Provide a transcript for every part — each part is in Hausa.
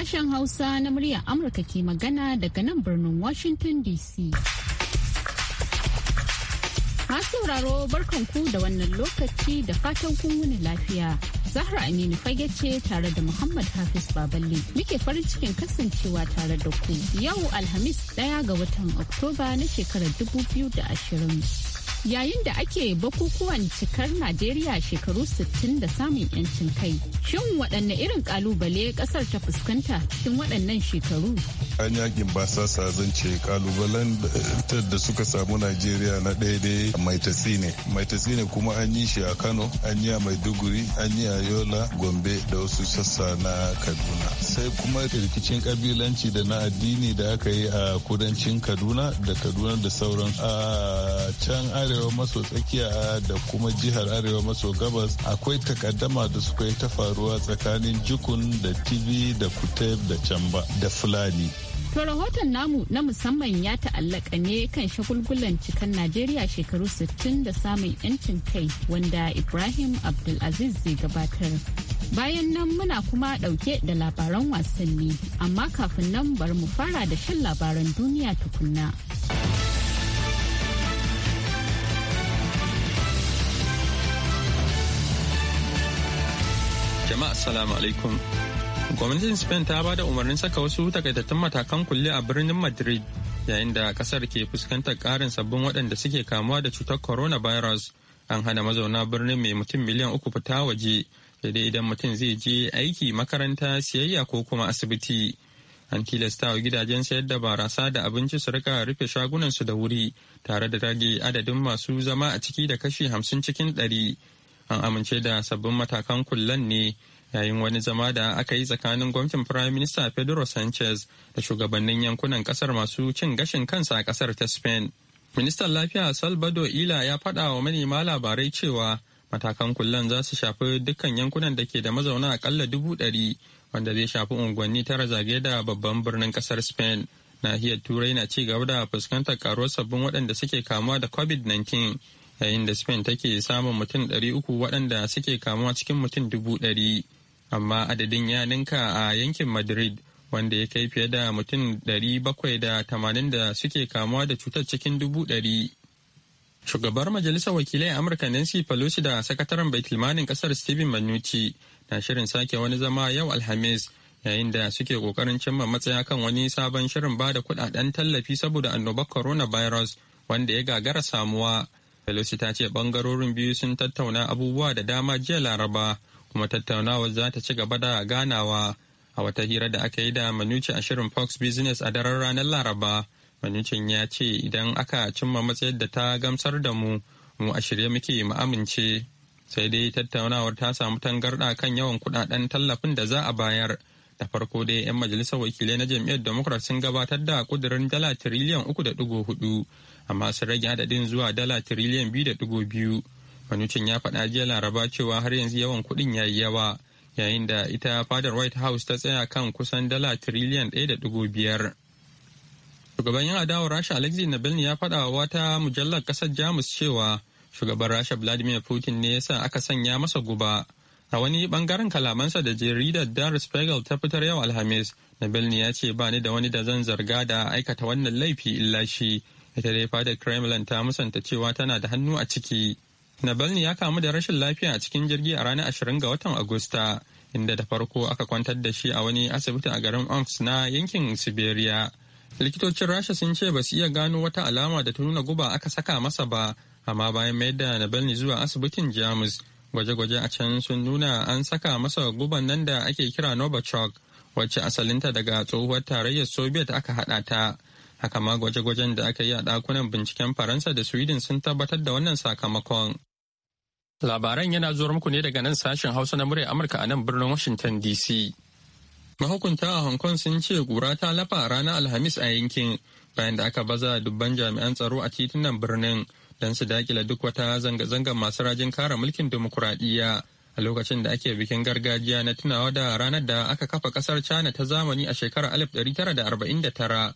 Sashen Hausa na muryar Amurka ke magana daga nan birnin Washington DC. Masu sauraro barkanku da wannan lokaci da fatan kun wuni lafiya. Zahra Aminu fage ce tare da Muhammad Hafiz Baballe muke farin cikin kasancewa tare da ku yau Alhamis ɗaya ga watan Oktoba na shekarar 2020. yayin da ake bukukuwan cikar Najeriya shekaru 60 da samun 'yancin kai. Shin waɗanne irin kalubale ƙasar ta fuskanta cikin waɗannan shekaru? An yakin basasa zan ce kalubalen da suka samu Najeriya na daidai mai tatsi ne. Mai ne kuma an yi shi a Kano, an yi a Maiduguri, an yi a Yola, Gombe da wasu sassa na Kaduna. Sai kuma rikicin kabilanci da na addini da aka yi a kudancin Kaduna da Kaduna da sauran a can arewa maso tsakiya da kuma jihar arewa maso gabas akwai takaddama da suka yi ta faruwa tsakanin jukun da tv da kuteb da camba da fulani To rahoton namu na musamman ya ta'allaka ne kan shagulgulan cikan Najeriya shekaru 60 da samun 'yancin kai wanda Ibrahim Abdulaziz zai gabatar. Bayan nan muna kuma ɗauke da labaran wasanni, amma kafin nan bari mu fara da shan labaran duniya tukunna. Jama'a assalamu alaikum. Gwamnatin Spain ta ba da umarnin saka wasu takaitattun matakan kulle a birnin Madrid yayin da kasar ke fuskantar karin sabbin waɗanda suke kamuwa da cutar coronavirus. An hana mazauna birnin mai mutum miliyan uku fita waje daidai idan mutum zai je aiki makaranta siyayya ko kuma asibiti. An tilasta wa gidajen sayar da barasa da abinci su rika rufe shagunansu da wuri tare da rage adadin masu zama a ciki da kashi hamsin cikin ɗari an amince da sabbin matakan kullen ne yayin wani zama da aka yi tsakanin gwamnatin Prime Minister Pedro Sanchez da shugabannin yankunan kasar masu cin gashin kansa a kasar ta Spain. Ministan Lafiya Salvador Ila ya faɗa wa manema labarai cewa matakan kullan za su shafi dukkan yankunan da ke da mazauna akalla dubu ɗari wanda zai shafi unguwanni tara zage da babban birnin kasar Spain. Nahiyar Turai na ci gaba da fuskantar karuwar sabbin waɗanda suke kamuwa da COVID-19 yayin da spain take samun mutum 300 waɗanda suke kamuwa cikin mutum 100 amma adadin ya ninka a yankin madrid wanda ya kai fiye da mutum 780 da suke kamuwa da cutar cikin 100 shugabar majalisar wakilai amurka nancy pelosi da sakataren baitulmanin kasar stephen manucci na shirin sake wani zama yau alhamis yayin da suke kokarin cimma matsaya kan wani sabon shirin bada da kudaden tallafi saboda annobar coronavirus wanda ya gagara samuwa Pelosi ta ce bangarorin biyu sun tattauna abubuwa da dama jiya Laraba kuma tattaunawar za ta ci gaba da ganawa a wata hira da aka yi da manuci a shirin Fox Business a daren ranar Laraba. Manucin ya ce idan aka cimma matsayar da ta gamsar da mu, mu a shirye muke mu amince. Sai dai tattaunawar ta samu tangarɗa kan yawan kuɗaɗen tallafin da za a bayar. Da farko dai 'yan majalisar wakilai na jam'iyyar Democrat sun gabatar da kudirin dala tiriliyan uku da ɗigo hudu amma sun rage adadin zuwa dala tiriliyan biyu da digo biyu manucin ya faɗa jiya laraba cewa har yanzu yawan kuɗin ya yi yawa yayin da ita fadar white house ta tsaya kan kusan dala tiriliyan ɗaya da digo biyar shugaban yan adawar rasha alexei nabilni ya faɗa wa wata mujallar ƙasar jamus cewa shugaban rasha vladimir putin ne ya sa aka sanya masa guba a wani bangaren kalamansa da jaridar dar spiegel ta fitar yau alhamis nabilni ya ce ba ni da wani da zan zarga da aikata wannan laifi illa shi ita dai fadar kremlin ta musanta cewa tana da hannu a ciki navalny ya kamu da rashin lafiya a cikin jirgi a ranar 20 ga watan agusta inda da farko aka kwantar da shi a wani asibiti a garin omsk na yankin siberia likitocin rasha sun ce ba su iya gano wata alama da ta nuna guba aka saka masa ba amma bayan mayar da navalny zuwa asibitin jamus gwaje-gwaje a can sun nuna an saka masa guban nan da ake kira novichok wacce asalinta daga tsohuwar tarayyar soviet aka haɗa ta haka ma gwaje-gwajen da aka yi a dakunan binciken faransa da sweden sun tabbatar da wannan sakamakon labaran yana zuwa muku ne daga nan sashen hausa na murya amurka a nan birnin washington dc mahukunta a hong kong sun ce gura ta lafa ranar alhamis a yankin bayan da aka baza dubban jami'an tsaro a titunan birnin don su dakila duk wata zanga-zangar masu rajin kare mulkin dimokuraɗiyya a lokacin da ake bikin gargajiya na tunawa da ranar da aka kafa kasar china ta zamani a shekarar 1949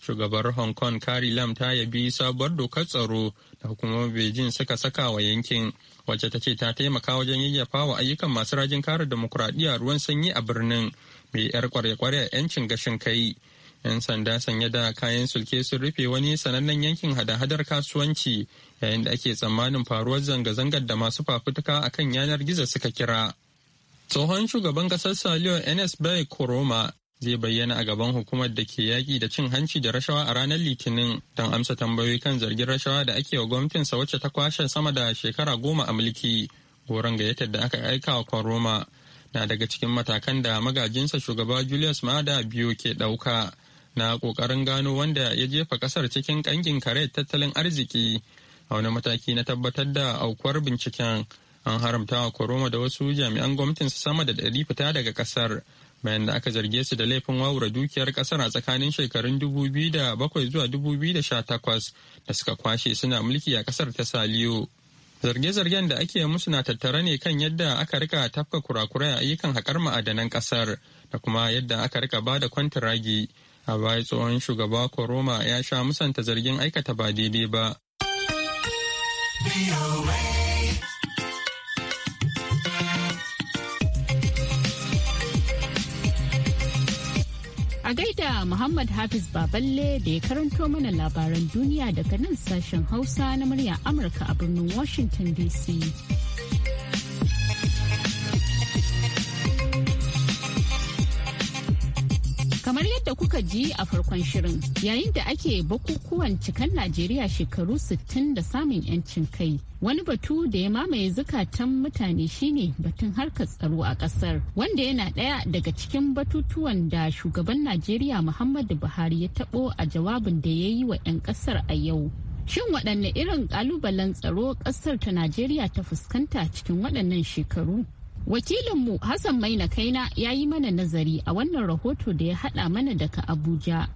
shugabar hong kong carrie lam ta yabi sabuwar dokar tsaro da hukumar beijing suka saka wa yankin wacce ta ce ta taimaka wajen yayyafa wa ayyukan masu rajin kare demokuraɗiyya ruwan sanyi a birnin mai yar kwarya-kwarya 'yancin gashin kai 'yan sanda sanye da kayan sulke sun rufe wani sanannen yankin hada-hadar kasuwanci yayin da ake tsammanin faruwar zanga-zangar da masu fafutuka akan yanar gizo suka kira tsohon shugaban kasar saliyo ns bai koroma zai bayyana a gaban hukumar da ke yaƙi da cin hanci da rashawa a ranar litinin don amsa tambayoyi kan zargin rashawa da ake wa gwamnatinsa wacce ta kwashe sama da shekara goma a mulki goron gayyatar da aka aika wa roma na daga cikin matakan da magajinsa shugaba julius maada biyu ke ɗauka na ƙoƙarin gano wanda ya jefa ƙasar cikin ƙangin kare tattalin arziki a wani mataki na tabbatar da aukuwar binciken an haramta wa koroma da wasu jami'an gwamnatinsa sama da ɗari fita daga ƙasar bayan da aka zarge su da laifin wawura dukiyar kasar a tsakanin shekarun 2007 zuwa 2018 da suka kwashe suna mulki a kasar ta saliyo zarge-zargen da ake musu na tattare ne kan yadda aka rika tafka kurakurai a ayyukan haƙar ma'adanan kasar da kuma yadda aka rika ba da kwantiragi a baya tsohon shugaba koroma ya sha musanta zargin aikata ba daidai ba. A gaida Muhammad Hafiz Baballe da ya karanto mana labaran duniya daga nan sashen Hausa na murya Amurka a birnin Washington DC. kuka ji a farkon shirin yayin da ake bukukuwan cikan Najeriya shekaru 60 da samun 'yancin kai. Wani batu da ya mamaye zukatan mutane shine batun harkar tsaro a kasar wanda yana ɗaya daga cikin batutuwan da shugaban Najeriya Muhammadu Buhari ya taɓo a jawabin da ya yi wa 'yan kasar a yau. Shin waɗanne irin ƙalubalen tsaro ƙasar ta Najeriya ta fuskanta cikin waɗannan shekaru? Wakilinmu Hassan Maina Kaina ya yi mana nazari a wannan rahoto da ya haɗa mana daga Abuja.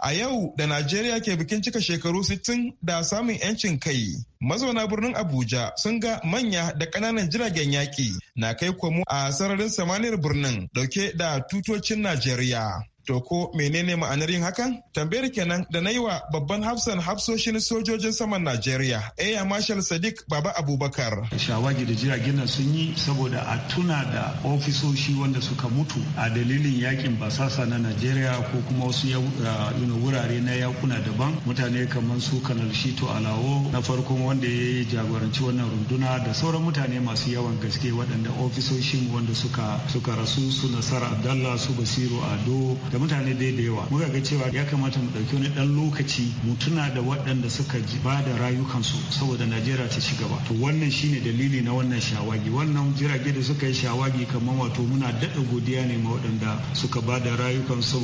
A yau da Najeriya ke bikin cika shekaru sittin da samun 'yancin kai, mazauna birnin Abuja sun ga manya da ƙananan jiragen yaƙi na kai komo a sararin samaniyar birnin dauke da tutocin Najeriya. To ko menene ma'anar yin hakan? Tambayar kenan da na yi wa babban hafsan hafsoshin sojojin saman Najeriya, Air Marshal Sadiq Baba Abubakar. Shawagi da jiragen nan sun yi saboda a tuna da ofisoshi wanda suka mutu a dalilin yakin basasa na Najeriya ko kuma wasu uh, wurare na yakuna daban mutane kamar su Kanal Shito Alawo na farko wanda ya yi jagoranci wannan runduna da sauran mutane masu yawan gaske waɗanda ofisoshin wanda suka suka rasu su Nasara Abdallah su Basiru Ado da mutane dai da yawa muka ga cewa ya kamata mu ɗauki wani ɗan lokaci mu tuna da waɗanda suka ba da rayukansu saboda najeriya ta ci gaba to wannan shine dalili na wannan shawagi wannan jirage da suka yi shawagi kamar wato muna daɗa godiya ne ma waɗanda suka ba da rayukansu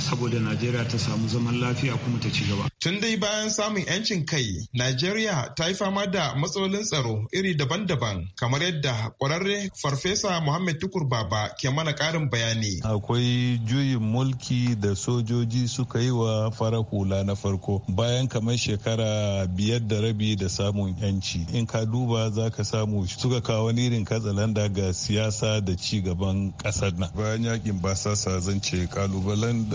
saboda najeriya ta samu zaman lafiya kuma ta ci gaba tun dai bayan samun yancin kai najeriya ta yi fama da matsalolin tsaro iri daban-daban kamar yadda kwararre farfesa muhammad tukur baba ke mana ƙarin bayani akwai juyin mulki da sojoji suka yi wa fara hula na farko bayan kamar shekara biyar da rabi da samun yanci in ka duba za ka samu suka kawo irin katsalanda ga siyasa da ci gaban kasar nan bayan yakin sa zan ce kalubalen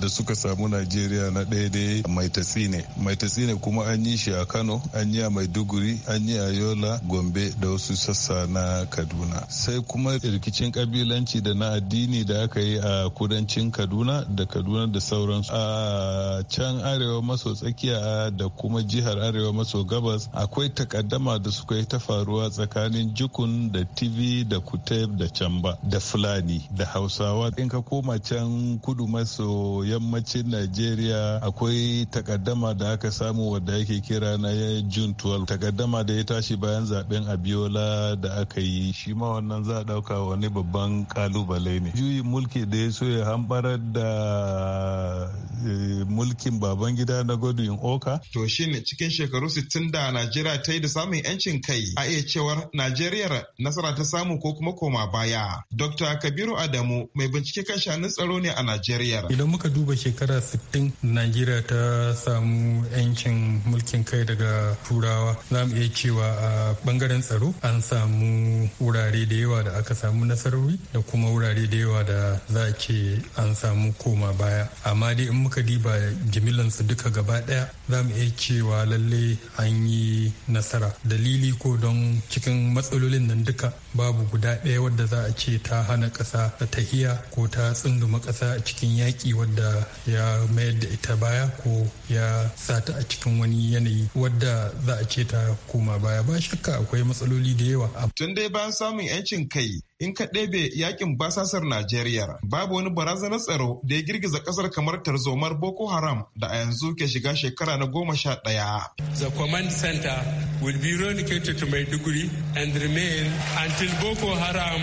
da suka samu najeriya na ɗaya dai mai tatsi mai kuma an yi shi a kano an yi a maiduguri an yi a yola gombe da wasu sassa na kaduna sai kuma rikicin kabilanci da na addini da aka yi a kudancin kaduna da kaduna da sauransu a can arewa maso tsakiya da kuma jihar arewa maso gabas akwai takaddama da suka yi ta faruwa tsakanin jukun da tv da kuteb da camba da fulani da hausawa in ka koma can kudu maso yammacin najeriya akwai takaddama da aka samu wadda yake kira na jun 12 takaddama da ya tashi bayan zaben abiola da aka yi shi ma wannan za a dauka wani babban kalubale ne juyin mulki da ya so ya hambara horar da eh, mulkin baban gida na godwin oka to shine cikin shekaru 60 da najeriya ta yi da samun yancin kai a iya cewar najeriyar nasara ta samu ko kuma koma baya dr kabiru adamu mai bincike kan shanun tsaro ne a najeriya idan muka duba shekara 60 najeriya ta samu yancin mulkin kai daga turawa za mu iya cewa a bangaren tsaro an samu wurare da yawa da aka samu nasarori da kuma wurare da yawa da za a ce an samu koma baya amma dai in muka diba jimillansu duka gaba daya za mu iya cewa lalle an yi nasara dalili ko don cikin matsalolin nan duka babu guda ɗaya wadda za a ce ta hana ƙasa ta tahiya ko ta tsunduma ƙasa a cikin yaƙi wadda ya mayar da ita baya ko ya sa ta a cikin wani yanayi wadda za a ce ta koma baya ba shakka akwai matsaloli da yawa. Tun dai bayan samun 'yancin kai in ka ɗebe yakin basasar Najeriya babu wani barazanar tsaro da ya girgiza ƙasar kamar tarzomar Boko Haram da a yanzu ke shiga shekara na goma sha ɗaya. The command center will be relocated to Maiduguri and remain until until Boko Haram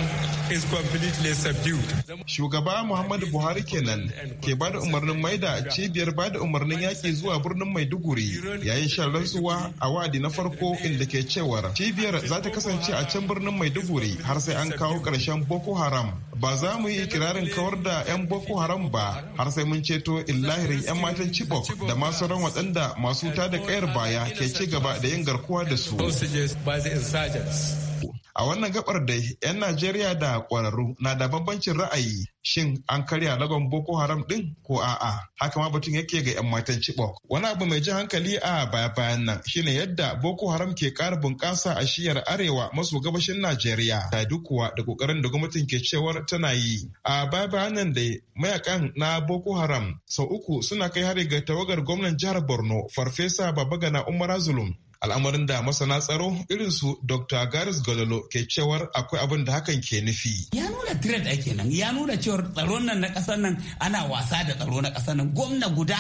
is completely subdued. Shugaba Muhammadu Buhari kenan ke ba da umarnin maida cibiyar ba da umarnin yaƙi zuwa birnin Maiduguri yayin shan rantsuwa a wa'adi na farko inda ke cewar cibiyar za ta kasance a can birnin Maiduguri har sai an kawo ƙarshen Boko Haram. Ba za mu yi ikirarin kawar da 'yan Boko Haram ba har sai mun ceto illahirin 'yan matan Chibok da masu ran waɗanda masu da kayar baya ke ci gaba da yin garkuwa da su. A wannan gabar dai 'yan Najeriya da ƙwararru na da bambancin ra'ayi shin an karya lagon Boko Haram din ko a'a. Haka ma batun yake ga 'yan matan Chibok. Wani abu mai ji hankali a baya bayan nan shine yadda Boko Haram ke ƙara bunƙasa a shiyar arewa maso gabashin Najeriya. Ta dukuwa da ƙoƙarin da gwamnatin ke cewar tana yi. A baya bayan nan dai mayakan na Boko Haram sau uku suna kai hari ga tawagar gwamnan jihar Borno Farfesa Babagana Umar Zulum al'amarin da masana tsaro irin su dr garis gololo ke cewar akwai abin da hakan ke nufi ya nuna trend ake nan ya nuna cewar tsaron nan na kasar nan ana wasa da tsaro na kasar nan gwamna guda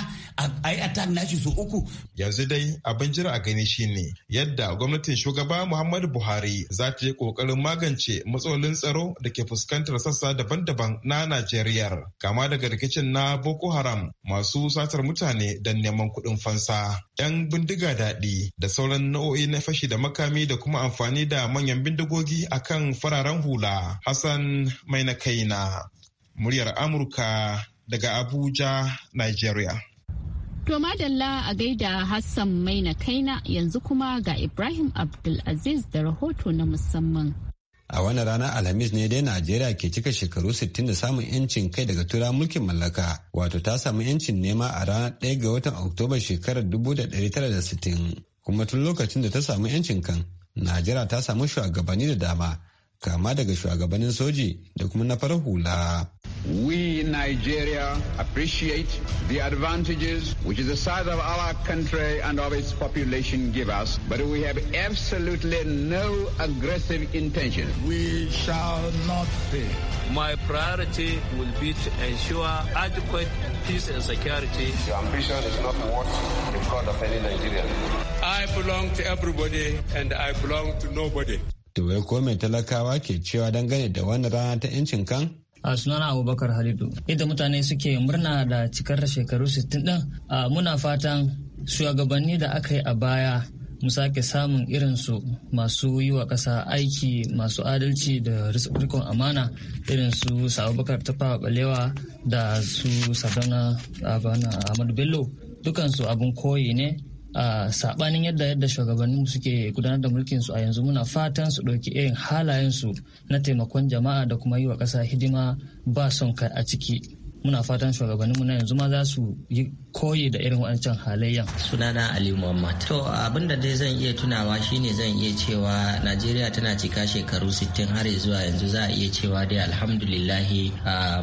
a yi attack nashi su uku yanzu dai abin jira a gani shine yadda gwamnatin shugaba muhammadu buhari za ta yi kokarin magance matsalolin tsaro da ke fuskantar sassa daban-daban na najeriya kama daga rikicin na boko haram masu satar mutane don neman kuɗin fansa 'yan bindiga daɗi da sauran sauran nau'o'i na fashi da makami da kuma amfani da manyan bindigogi a kan fararen hula. Hassan mai muryar Amurka daga Abuja, Nigeria. To madalla a gaida Hassan mai yanzu kuma ga Ibrahim Abdulaziz da rahoto na musamman. A wani rana, Alhamis ne dai Najeriya ke cika shekaru 60 da samun 'yancin kai daga tura mulkin mallaka, wato ta samu 'yancin nema a ranar 1 ga watan Oktoba shekarar 1960. kuma tun lokacin da ta samu 'yancin kan najeriya ta samu shugabanni da dama kama daga shugabannin soji da kuma na farar hula We in Nigeria appreciate the advantages which the size of our country and of its population give us, but we have absolutely no aggressive intention. We shall not fail. My priority will be to ensure adequate peace and security. Your ambition is not what the God of any Nigerian. I belong to everybody and I belong to nobody. To welcome talakawa ke cewa dangane da wannan rana ta 'yancin kan? a sunana abubakar halidu yadda mutane suke murna da cikar shekaru 60 din muna fatan shugabanni da aka yi a baya mu sake samun irinsu masu yi wa ƙasa aiki masu adalci da rikon amana irin su Bakar tafa balewa da su sadana abana ahmadu bello dukansu abin koyi ne sabanin yadda yadda shugabannin suke gudanar da mulkin su a yanzu muna fatan su ɗauki irin halayen su na taimakon jama'a da kuma yi wa ƙasa hidima ba son kai a ciki muna fatan shugabanninmu na yanzu ma za su yi koyi da irin wancan halayyan. Sunana Ali Muhammad. To abinda dai zan iya tunawa shine zan iya cewa Najeriya tana cika shekaru 60 har zuwa yanzu za a iya cewa dai alhamdulillahi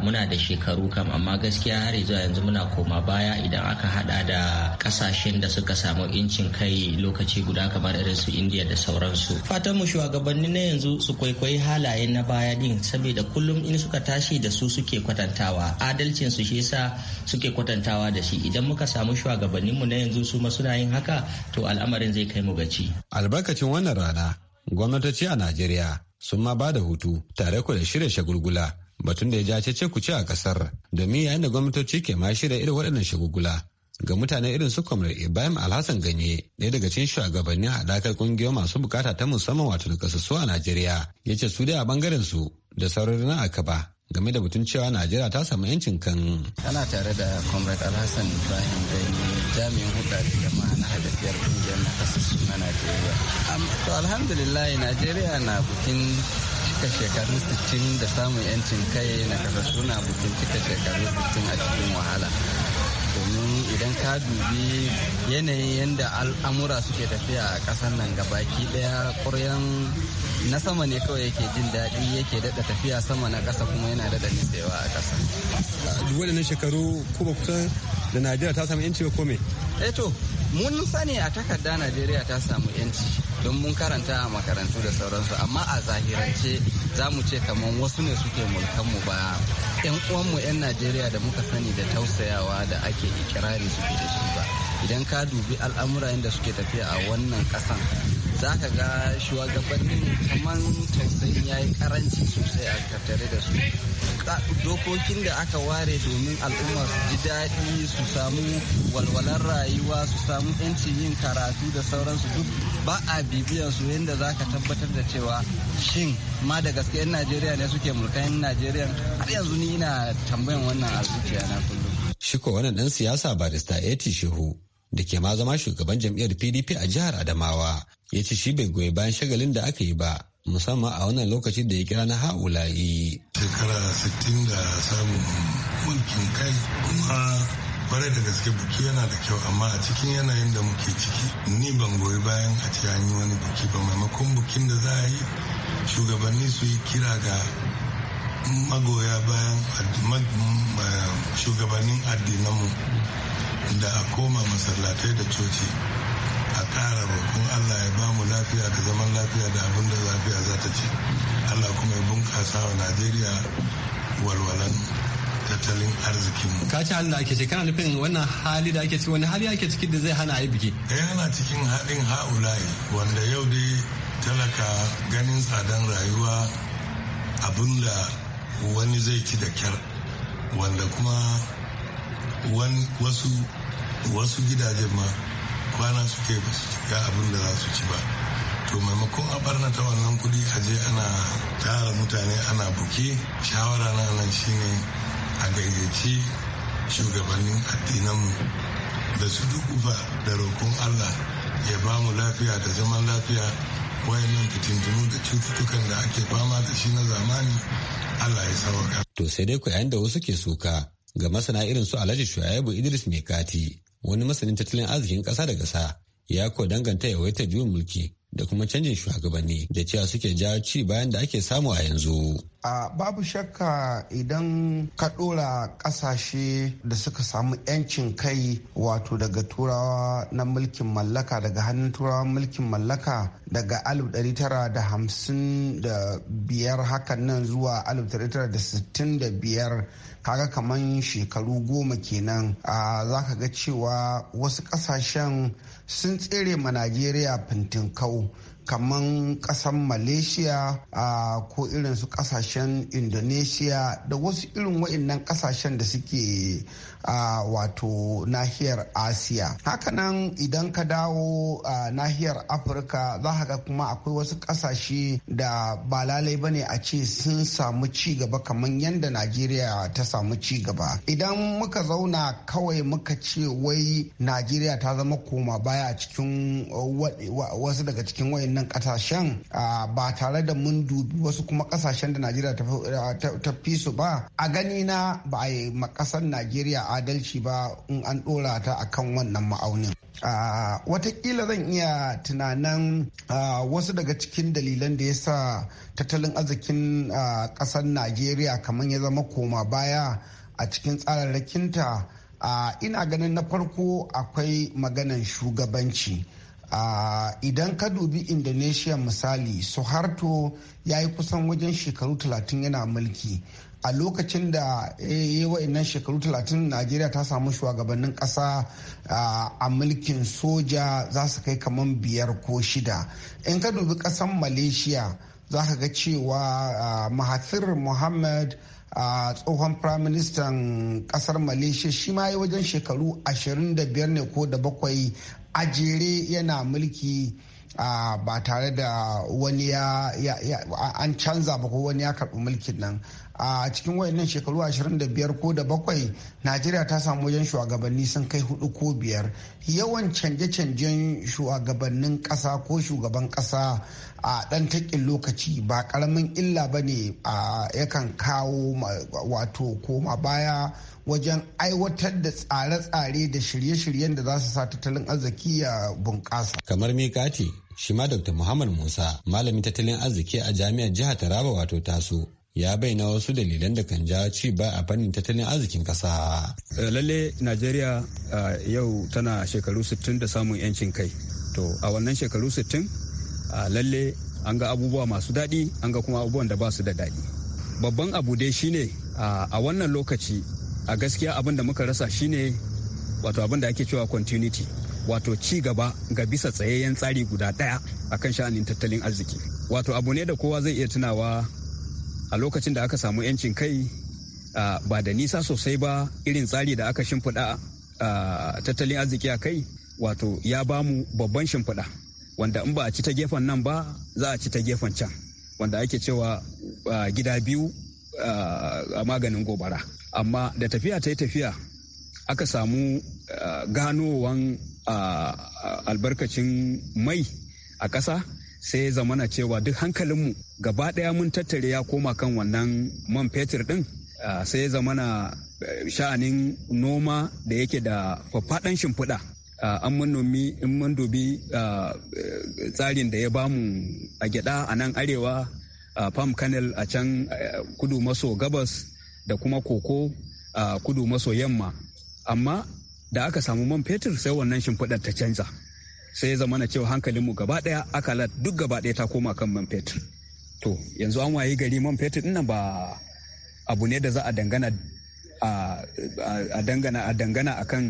muna da shekaru kam amma gaskiya har zuwa yanzu muna koma baya idan aka hada da kasashen da suka samu incin kai lokaci guda kamar irin su India da sauransu. Fatan mu shugabanni na yanzu su kwaikwayi halayen na baya din saboda kullum in suka tashi da su suke kwatantawa adalcin su shi yasa suke kwatantawa da shi idan idan muka samu shugabanninmu na yanzu su ma suna yin haka to al'amarin zai kai mu gaci. albarkacin wannan rana gwamnatoci a najeriya sun ma ba da hutu tare ku da shirya shagulgula batun da ya ja cece ku ci a kasar domin yayin da gwamnatoci ke ma shirya irin waɗannan shagulgula ga mutane irin su kwamrar ibrahim alhassan ganye ɗaya daga cikin shugabannin haɗakar ƙungiyar masu bukata ta musamman wato da kasassu a najeriya ya ce su dai a bangaren su da sauran na akaba game da batun cewa najeriya ta samu yancin kan ana tare da comrade alhassan ibrahim gaini jami'in hudu da jama'a na halittar kungiyar na kasassu na najeriya to alhamdulillah najeriya na bukin cika shekaru 60 da samun yancin kai na na bukin cika shekaru 60 a cikin wahala domin idan ka dubi yanayin yadda al'amura suke tafiya a ƙasar nan gabaki ɗaya ƙuryan na sama ne kawai yake jin daɗi yake daɗa tafiya sama na ƙasa kuma yana daɗa nisewa a ƙasa. duk waɗannan shekaru kuma kusan da najeriya ta samu yanci ko me? eh to mun sani a takarda najeriya ta samu yanci don mun karanta a makarantu da sauransu amma a zahirance za mu ce kamar wasu ne suke mulkanmu ba yan uwanmu yan najeriya da muka sani da tausayawa da ake ikirari suke da shi ba idan ka dubi al'amura da suke tafiya a wannan kasan za ka ga shugabannin kamar tausayin ya yi karanci sosai a tattare da su dokokin da aka ware domin al'umma su ji daɗi su samu walwalar rayuwa su samu 'yancin yin karatu da sauransu duk ba a bibiyan su yadda za ka tabbatar da cewa shin ma da gaske 'yan najeriya ne suke mulkan najeriya har yanzu ni ina tambayan wannan a zuciya na kullum. shiko wannan ɗan siyasa barista eti shehu da ke ma zama shugaban jam'iyyar pdp a jihar adamawa ya ce shi bai goyi bayan shagalin da aka yi ba musamman a wannan lokacin da ya kira na ha'ula'i. Shekara 60 da samun mulkin kai kuma kwarai da gaske buki yana da kyau amma a cikin yanayin da muke ciki ni ban goyi bayan a ce an yi wani buki ba maimakon bukin da za a yi shugabanni su yi kira ga magoya bayan eh, shugabannin addinanmu da a koma masallatai da coci ƙara bakun Allah ya ba mu lafiya da zaman lafiya da abin da lafiya za ta ci Allah kuma ya bunƙasa wa Najeriya walwalan tattalin arzikin ka ci Allah da ake ce kana nufin wannan hali da ake ciki wani hali ake ciki da zai hana a yi biki eh ana cikin haɗin ha'ula'i wanda yau dai talaka ganin tsadan rayuwa abin da wani zai ci da kyar wanda kuma wasu gidajen ma kwana suke ba su ga abin da za su ci ba to maimakon a ta wannan kudi a je ana tara mutane ana buki shawara na nan shine a gayyaci shugabannin addinanmu da su uba da roƙon allah ya ba mu lafiya da zaman lafiya wayannan fitintunu da cututtukan da ake fama da shi na zamani allah ya sauka to sai dai ku yayin da wasu ke suka ga masana irin su alhaji shu'aibu idris mai kati wani masanin tattalin arzikin ƙasa da ƙasa ya ko danganta yawaitar juyin mulki da kuma canjin shugabanni da cewa suke jawo ci bayan da ake samu a yanzu. A babu shakka idan ka ɗora ƙasashe da suka samu 'yancin kai wato daga turawa na mulkin mallaka daga hannun turawan mulkin mallaka daga 1955 hakan nan zuwa 1965 kaga kaman shekaru goma kenan a za ka ga cewa wasu kasashen sun tsere ma najeriya fintinkau kaman kasan malaysia a ko irin su kasashen indonesia da wasu irin wa'annan kasashen da suke a wato nahiyar asiya hakanan idan ka dawo a nahiyar afirka za ka ga kuma akwai wasu kasashe da ba lalai bane a ce sun samu ci gaba kamar yadda najeriya ta samu ci gaba idan muka zauna kawai muka ce wai najeriya ta zama koma baya a cikin wasu daga cikin wayannan kasashen ba tare da mun dubi wasu kuma kasashen da najeriya ta fi su ba a gani na ba a yi makasar najeriya adalci ba in an ɗora ta akan wannan ma'aunin Uh, watakila zan iya tunanin uh, wasu daga cikin dalilan da ya sa tattalin arzikin ƙasar najeriya kamar ya zama koma baya a cikin tsararrakin tsararrakinta ina ganin na farko akwai maganan shugabanci idan ka dubi indonesia misali suharto ya yi kusan wajen shekaru 30 yana mulki a lokacin da ya wa'annan shekaru 30 najeriya ta samu shugabannin kasa a mulkin soja za su kai kamar biyar ko shida in ka dubi kasan malaysia za ka ga cewa mahathir mohammed a tsohon firaministan kasar malaysia shi ma yi wajen shekaru 25 ne ko da bakwai a jere yana mulki Uh, ba tare da wani ya an canza ba ko wani ya karɓi mulkin nan a cikin wayannan shekaru 25 ko da bakwai najeriya ta samu wajen shugabanni sun kai hudu ko biyar yawan canje-canjen shugabannin ƙasa ko shugaban ƙasa a dan takin lokaci ba karamin illa ba ne yakan kawo wato koma baya wajen aiwatar da tsare-tsare da shirye-shiryen da za su sa tattalin arziki ya bunƙasa kamar mikati shi ma dr muhammad musa malamin tattalin arziki a jami'ar jihar taraba wato taso ya bayyana wasu dalilan da kan ja ci ba a fannin tattalin arzikin kasa. Eh, lalle Najeriya eh, yau tana shekaru 60 da samun 'yancin kai. To a wannan shekaru 60 lalle an ga abubuwa masu daɗi an ga kuma abubuwan da ba su da daɗi. Babban abu dai shine a wannan lokaci a gaskiya abin da muka rasa shine wato abin da ake cewa continuity wato ci gaba ga bisa tsayayyen tsari guda ɗaya akan sha'anin tattalin arziki. Wato abu ne da kowa zai iya tunawa a lokacin da aka samu 'yancin kai ba da nisa sosai ba irin tsari da aka shimfiɗa tattalin arziki a kai wato ya ba mu babban shimfiɗa wanda in ba a ci ta gefen nan ba za a ci ta gefen can wanda ake cewa gida biyu a maganin gobara amma da tafiya ta yi tafiya aka samu ganowan albarkacin mai a ƙasa sai ya zamana cewa duk hankalinmu gaba daya mun tattare ya koma kan wannan man fetur din. sai ya zamana e, sha'anin noma da yake da faffaɗan shimfiɗa an nomi in mun dubi e, tsarin da ya bamu a gyaɗa a nan arewa palm canal a can e, kudu maso gabas da kuma koko kudu maso yamma amma da aka samu man fetur sai wannan shimfiɗar ta canza sai ya zama na cewa hankalinmu gaba ɗaya aka akalar duk gaba ɗaya ta koma kan man fetur to yanzu an wayi gari man fetur ɗin ba abu ne da za a dangana a dangana a dangana akan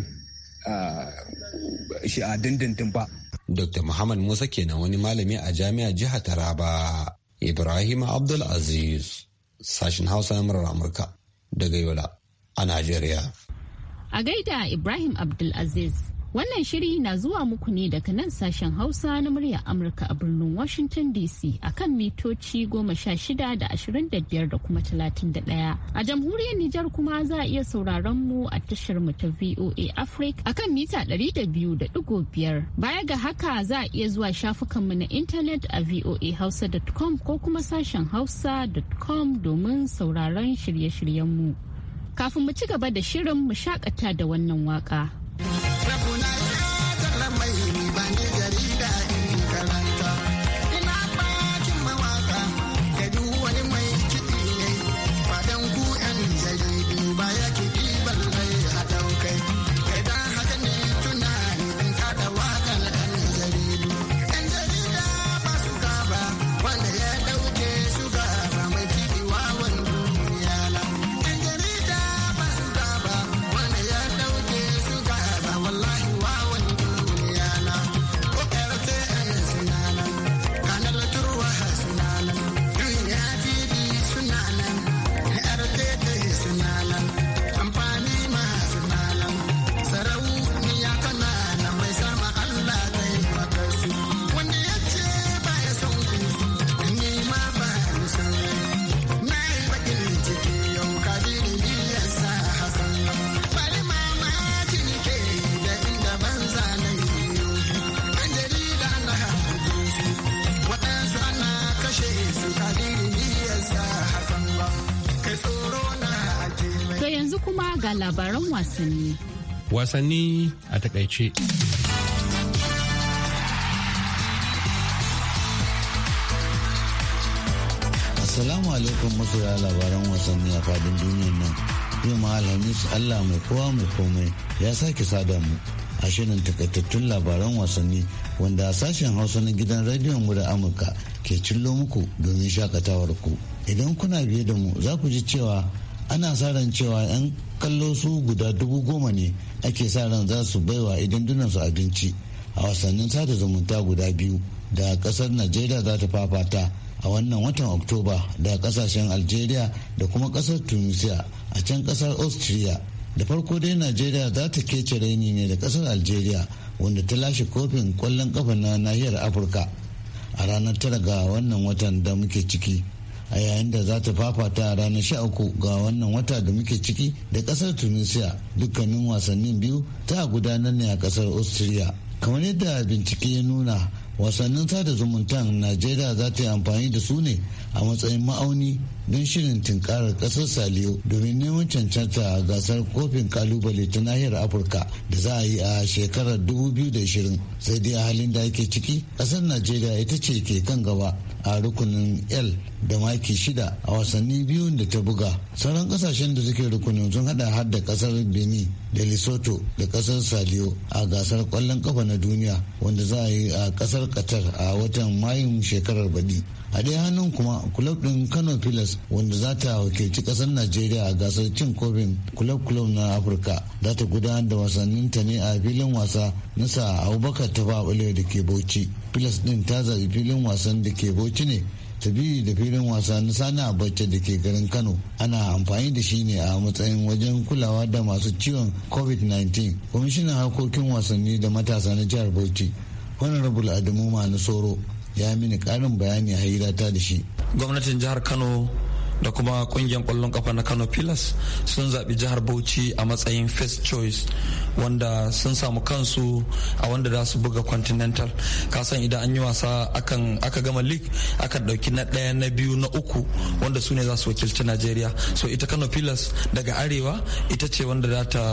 shi a dindindin ba Dr. Muhammad Musa kenan wani malami a jami'a jihar Taraba. Ibrahim Abdul Aziz, sashen Hausa na murar Amurka daga Yola a Najeriya. A gaida Ibrahim Abdul Aziz. Wannan shiri na zuwa muku ne daga nan sashen Hausa na murya Amurka a birnin Washington DC a kan mitoci goma sha shida da ashirin da biyar da kuma talatin da ɗaya. A jamhuriyar Nijar kuma za a iya sauraron mu a tashar mu ta VOA Africa a kan mita ɗari da biyu da ɗigo biyar. Baya ga haka za a iya zuwa shafukanmu na intanet a voahausa.com ko kuma sashen hausa.com domin sauraron shirye-shiryen mu. Kafin mu ci gaba da shirin mu shakata da wannan waka. ne? labaran wasanni. Wasanni a takaice. Assalamu alaikum masoya labaran wasanni a fadin duniyar nan. Yau ma alhamis Allah mai kowa mai komai ya sake sada mu a shirin takaitattun labaran wasanni wanda sashen hausa na gidan rediyon mu da Amurka ke cillo muku domin shakatawar ku. Idan kuna biye da mu za ku ji cewa ana sa ran cewa 'yan kallo su guda dubu goma ne ake sa ran za su baiwa idan su abinci a wasannin sada zumunta guda biyu da kasar najeriya za ta fafata a wannan watan oktoba da kasashen algeria da kuma kasar tunisia a can kasar austria da farko dai najeriya za ta kece raini ne da kasar algeria wanda ta lashe kofin kwallon kafa na nahiyar afirka a ranar tara ga wannan watan da muke ciki a yayin da za ta fafata ranar sha uku ga wannan wata da muke ciki da kasar tunisia dukkanin wasannin biyu ta gudanar ne a kasar austria kamar yadda bincike ya nuna wasannin sada zumuntan najeriya za ta yi amfani da su ne a matsayin ma'auni don shirin tunkarar kasar saliyo domin neman cancanta a gasar kofin kalubale ta nahiyar afirka da za a yi a shekarar 2020 sai dai a halin da ake ciki kasar najeriya ita ce ke kan gaba a rukunin l da maki shida a wasanni biyun da ta buga sauran kasashen da suke rukunin sun hada har da kasar benin da lesotho da kasar saliyo a gasar kwallon kafa na duniya wanda za a yi a kasar qatar a watan mayun shekarar baɗi a dai hannun kuma kulob din kano pilas wanda za ta wakilci kasar najeriya a gasar cin kofin kulob kulob na afirka za ta gudanar da wasannin ta ne a filin wasa na sa abubakar ta tafa da ke bauchi pilas din ta zabi filin wasan da ke bauchi ne tabi da filin wasa na sani abacha da ke garin kano ana amfani da shi ne a matsayin wajen kulawa da masu ciwon covid-19 kwamishinan harkokin wasanni da matasa na jihar bauchi honorable na soro ya mini karin bayani a hirata da shi gwamnatin jihar kano da kuma kungiyar kwallon kafa na kano pillars sun zaɓi jihar bauchi a matsayin first choice wanda sun samu kansu a wanda za su buga continental kasan idan an yi wasa aka gama league aka ɗauki na ɗaya na biyu na uku wanda su ne za su wakilci nigeria so ita kano pillars daga arewa ita ce wanda za ta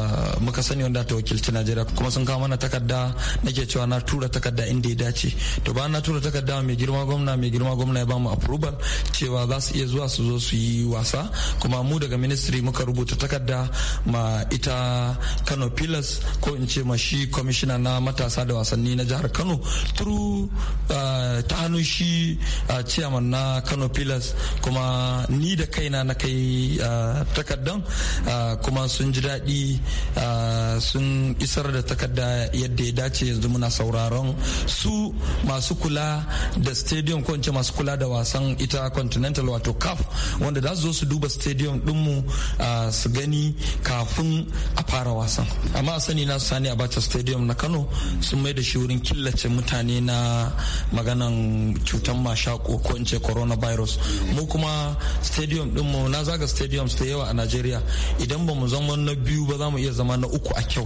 muka sani wanda ta wakilci nigeria kuma sun kawo mana takarda nake cewa na tura takarda inda ya dace to bayan na tura takarda mai girma gwamna mai girma gwamna ya bamu approval cewa za su iya zuwa su zo su yi wasa kuma mu daga ministry muka rubuta takarda ma ita kano pillars ko in ce ma shi kwamishina na matasa da wasanni na jihar kano turu uh, ta hannun shi uh, chairman na kano pillars kuma ni da kaina na kai uh, takardan kuma sun ji daɗi sun isar da takarda yadda ya dace yanzu muna sauraron su masu kula da stadium ko in ce masu kula da wasan ita continental wato caf wanda za su zo su duba stadium dinmu su gani kafin a fara wasan amma a sani na sani a bata stadium na kano sun mai da shi wurin killace mutane na maganan cutar mashako ko in ce coronavirus mu kuma stadium dinmu na zaga stadium da yawa a nigeria idan ba mu zama na biyu ba za mu iya zama na uku a kyau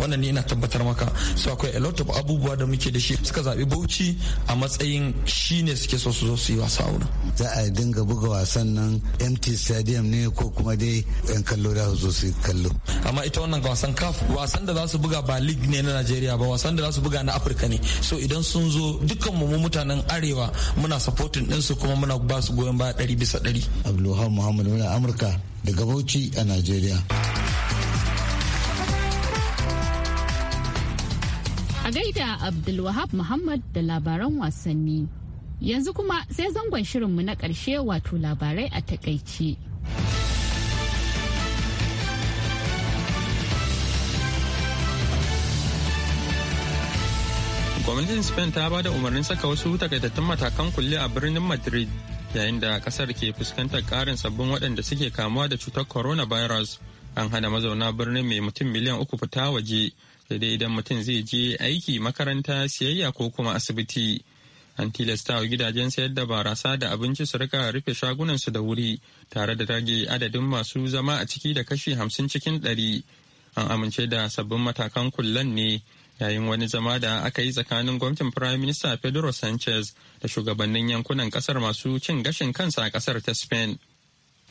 wannan ni ina tabbatar maka su akwai a lot of abubuwa da muke da shi suka zaɓi bauchi a matsayin shine suke so su zo su yi wasa a wurin za a dinga buga wasan nan empty stadium ne ko kuma dai yan kallo da su su kallo amma ita wannan wasan kaf wasan da za su buga ba league ne na najeriya ba wasan da za su buga na afirka ne so idan sun zo dukkan mu mutanen arewa muna supporting su kuma muna ba su goyon baya ɗari bisa ɗari abdulhamid muhammad muna amurka daga bauchi a najeriya a gaida abdulwahab muhammad da labaran wasanni Yanzu kuma sai zangon shirinmu na ƙarshe wato labarai a takaici. Gwamnatin Spain ta ba da umarnin saka wasu takaitattun matakan kulle a birnin Madrid yayin da kasar ke fuskantar ƙarin sabbin waɗanda suke kamuwa da cutar coronavirus. An hana mazauna birnin mai mutum miliyan uku fita waje, daidai idan mutum zai je aiki makaranta siyayya ko kuma asibiti. an tilasta wa gidajen sayar da barasa da abinci su rika rufe shagunansu da wuri tare da rage adadin masu zama a ciki da kashi hamsin cikin ɗari an amince da sabbin matakan kullan ne yayin wani zama da aka yi tsakanin gwamnatin prime minister pedro sanchez da shugabannin yankunan kasar masu cin gashin kansa a kasar ta spain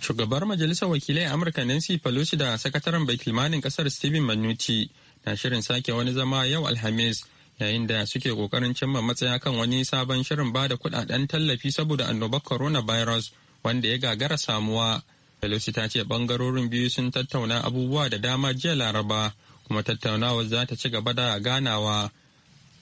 shugabar majalisar wakilai amurka nancy pelosi da sakataren bai kasar stephen manucci na shirin sake wani zama yau alhamis yayin da suke kokarin cimma matsaya kan wani sabon shirin ba da kudaden tallafi saboda annobar coronavirus wanda ya gagara samuwa pelosi ta ce bangarorin biyu sun tattauna abubuwa da dama jiya laraba kuma tattaunawa za ta ci gaba da ganawa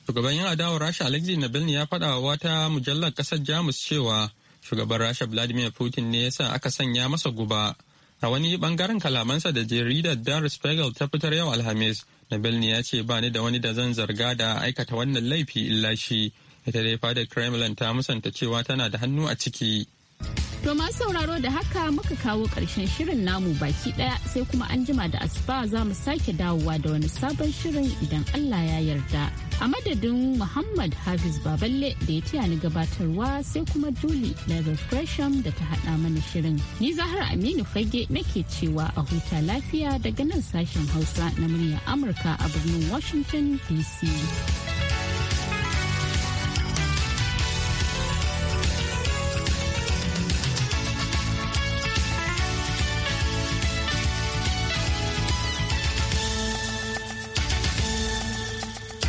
shugaban yan adawar rasha alexei nabilni ya faɗa wata mujallar ƙasar jamus cewa shugaban rasha vladimir putin ne ya sa aka sanya masa guba A wani bangaren kalamansa da jaridar Dan Spiegel ta fitar yau Alhamis, Nabilni ya ce ba ni da wani da zan zarga da aikata wannan laifi illa shi. Ita dai fadar Kremlin ta musanta cewa tana da hannu a ciki. To masu sauraro da haka muka kawo ƙarshen shirin namu baki ɗaya sai kuma an jima da asuba za mu sake dawowa da wani sabon shirin idan Allah ya yarda. A madadin Muhammad Hafiz Baballe da ya tiya ni gabatarwa sai kuma Julie daga Gresham da ta haɗa mana shirin. Ni Zahra Aminu Fage nake cewa a huta lafiya daga nan sashen Hausa na muryar Amurka a birnin Washington DC.